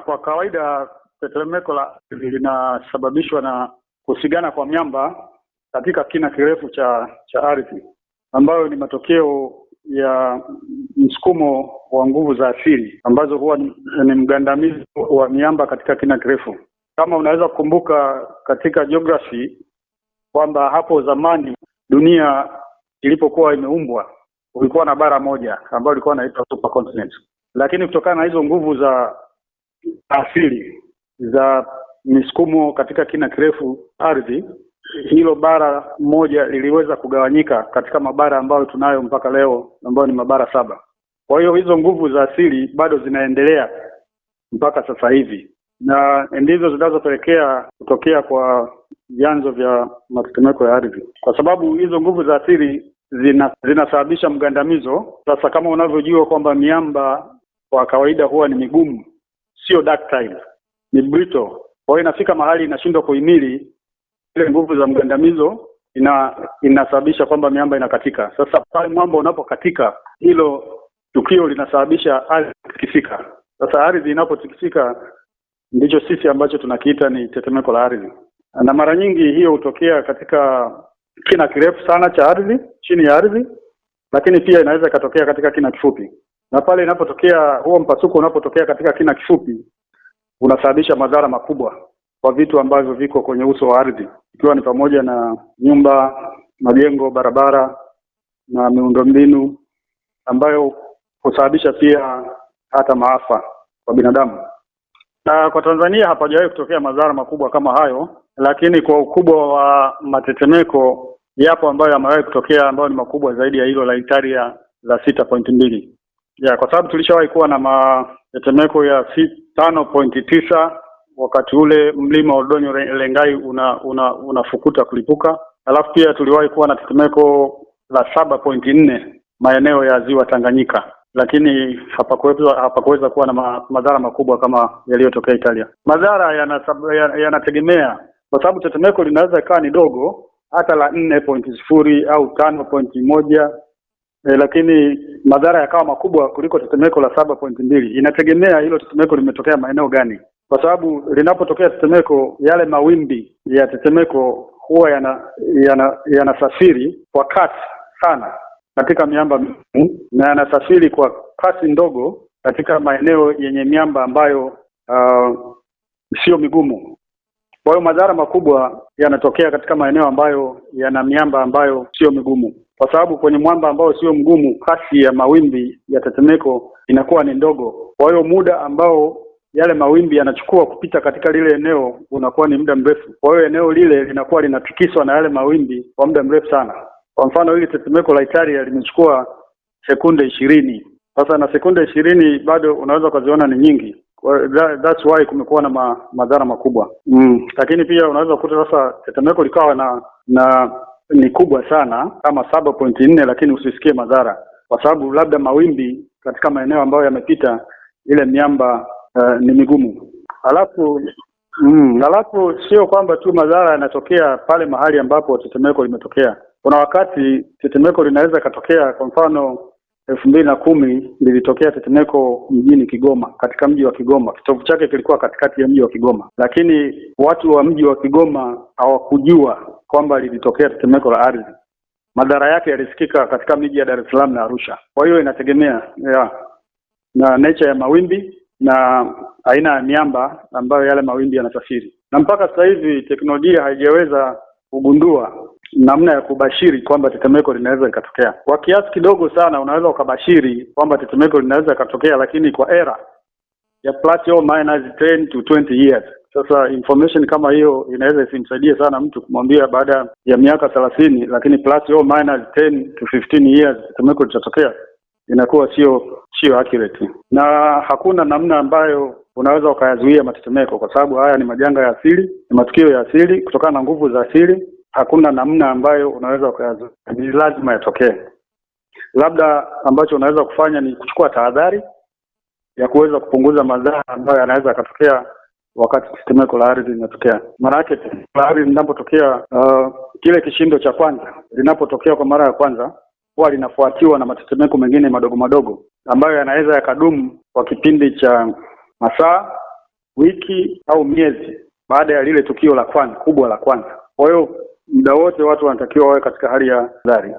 Kwa, kawaida tetemeko la ardhi linasababishwa na kusigana kwa miamba katika kina kirefu cha cha ardhi ambayo ni matokeo ya msukumo wa nguvu za asili ambazo huwa ni, ni mgandamizi wa miamba katika kina kirefu. Kama unaweza kukumbuka katika jiografia kwamba hapo zamani dunia ilipokuwa imeumbwa kulikuwa na bara moja ambayo ilikuwa inaitwa supercontinent, lakini kutokana na hizo nguvu za asili za misukumo katika kina kirefu ardhi, hilo bara moja liliweza kugawanyika katika mabara ambayo tunayo mpaka leo ambayo ni mabara saba. Kwa hiyo hizo nguvu za asili bado zinaendelea mpaka sasa hivi, na ndizo zinazopelekea kutokea kwa vyanzo vya matetemeko ya ardhi, kwa sababu hizo nguvu za asili zina zinasababisha mgandamizo. Sasa kama unavyojua kwamba miamba kwa kawaida huwa ni migumu sio ductile, ni brittle. Kwa hiyo inafika mahali inashindwa kuhimili ile nguvu za mgandamizo, ina inasababisha kwamba miamba inakatika. Sasa pale mwamba unapokatika, hilo tukio linasababisha ardhi kutikisika. Sasa ardhi inapotikisika, ndicho sisi ambacho tunakiita ni tetemeko la ardhi, na mara nyingi hiyo hutokea katika kina kirefu sana cha ardhi, chini ya ardhi, lakini pia inaweza ikatokea katika kina kifupi na pale inapotokea huo mpasuko unapotokea katika kina kifupi unasababisha madhara makubwa kwa vitu ambavyo viko kwenye uso wa ardhi, ikiwa ni pamoja na nyumba, majengo, barabara na miundombinu ambayo husababisha pia hata maafa kwa binadamu. Na kwa Tanzania hapajawahi kutokea madhara makubwa kama hayo, lakini kwa ukubwa wa matetemeko yapo ambayo yamewahi kutokea ambayo ni makubwa zaidi ya hilo la Italia la sita pointi mbili ya kwa sababu tulishawahi kuwa na matetemeko ya tano pointi tisa wakati ule mlima wa Dodonyo Lengai una, una, unafukuta kulipuka, alafu pia tuliwahi kuwa na tetemeko la saba pointi nne maeneo ya ziwa Tanganyika, lakini hapakuweza hapakuweza kuwa na ma, madhara makubwa kama yaliyotokea Italia. Madhara yanategemea ya, ya kwa sababu tetemeko linaweza ikawa ni dogo hata la nne pointi sifuri au tano pointi moja e, lakini madhara yakawa makubwa kuliko tetemeko la saba pointi mbili. Inategemea hilo tetemeko limetokea maeneo gani, kwa sababu linapotokea tetemeko, yale mawimbi ya tetemeko huwa yanasafiri yana, yana kwa kasi sana katika miamba migumu na yanasafiri kwa kasi ndogo katika maeneo yenye miamba ambayo uh, sio migumu. Kwa hiyo madhara makubwa yanatokea katika maeneo ambayo yana miamba ambayo sio migumu, kwa sababu kwenye mwamba ambao sio mgumu, kasi ya mawimbi ya tetemeko inakuwa ni ndogo. Kwa hiyo muda ambao yale mawimbi yanachukua kupita katika lile eneo unakuwa ni muda mrefu. Kwa hiyo eneo lile linakuwa linatikiswa na yale mawimbi kwa muda mrefu sana. Kwa mfano, hili tetemeko la Italia limechukua sekunde ishirini. Sasa na sekunde ishirini bado unaweza ukaziona ni nyingi, That, that's why kumekuwa na ma, madhara makubwa mm. Lakini pia unaweza kukuta sasa tetemeko likawa na na ni kubwa sana kama saba pointi nne, lakini usisikie madhara kwa sababu labda mawimbi katika maeneo ambayo yamepita ile miamba uh, ni migumu. alafu mm, halafu sio kwamba tu madhara yanatokea pale mahali ambapo tetemeko limetokea. Kuna wakati tetemeko linaweza ikatokea kwa mfano elfu mbili na kumi lilitokea tetemeko mjini Kigoma, katika mji wa Kigoma. Kitovu chake kilikuwa katikati ya mji wa Kigoma, lakini watu wa mji wa Kigoma hawakujua kwamba lilitokea tetemeko la ardhi. Madhara yake yalisikika katika miji ya Dar es Salaam na Arusha. Kwa hiyo inategemea ya, na nature ya mawimbi na aina ya miamba ambayo yale mawimbi yanasafiri, na mpaka sasa hivi teknolojia haijaweza kugundua namna ya kubashiri kwamba tetemeko linaweza likatokea. Kwa kiasi kidogo sana unaweza ukabashiri kwamba tetemeko linaweza likatokea, lakini kwa era ya plus or minus 10 to 20 years. Sasa information kama hiyo inaweza isimsaidie sana mtu kumwambia baada ya miaka thelathini, lakini plus or minus 10 to 15 years tetemeko litatokea, inakuwa sio sio accurate, na hakuna namna ambayo unaweza ukayazuia matetemeko, kwa sababu haya ni majanga ya asili, ni matukio ya asili kutokana na nguvu za asili hakuna namna ambayo unaweza ukayazuia, ni lazima yatokee. Labda ambacho unaweza kufanya ni kuchukua tahadhari ya kuweza kupunguza madhara ambayo yanaweza yakatokea wakati tetemeko la ardhi linatokea. Maana yake tetemeko la ardhi linapotokea, uh, kile kishindo cha kwanza linapotokea kwa mara ya kwanza huwa linafuatiwa na matetemeko mengine madogo madogo ambayo yanaweza yakadumu kwa kipindi cha masaa, wiki au miezi baada ya lile tukio la kwanza kubwa la kwanza. Kwa hiyo muda wote watu wanatakiwa wawe katika hali ya dhari.